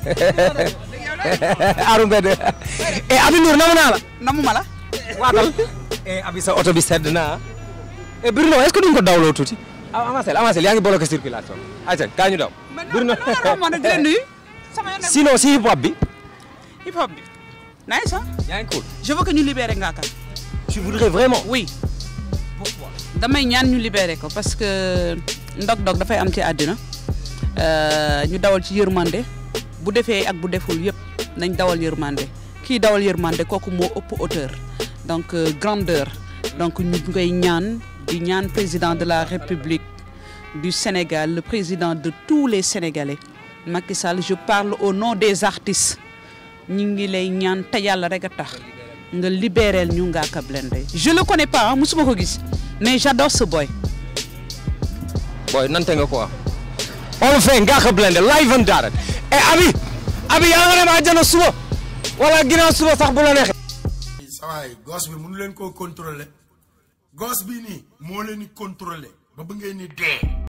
Arou Mbede e Abi Ndour naa la. namu ma e Abi oto bi sedd naa e eh, Bruno est que duñ ko dawloo tuuti. avancé ah, avancé yaa ngi bloqué circulation ayca kaa ñu daw. Bruno man si hip hop bi. hip je veux que ñu libéré Ngaaka. tu voudrais vraiment. oui. ñaan ñu libéré ko parce que ndog-ndog dafay am ci àddina euh, ñu dawal ci yërmande. bu defee ak bu deful yëpp nañ dawal yërmande kii dawal yërmande kooku moo ëpp hauteur donc euh, grandeur donc ñu koy ñaan di ñaan président de la république du Sénégal le président de tous les sénégalais Macky Sall je parle au nom des artistes ñu ngi lay ñaan te yàlla rek a tax nga libéreel ñu Ngaaka Blindé je le connais pas ah musuma ko gis mais j'adore ce boy. boy quoi. Olofin Ngaka Blindé live and direct et eh, Abi Abi yaa nga dem àjjana suba wala ginnaaw suba sax bu la neexee. sawaay gos bi mënu leen koo contrôler gos bi nii moo leen di contrôler ba bu ngeen ni dee.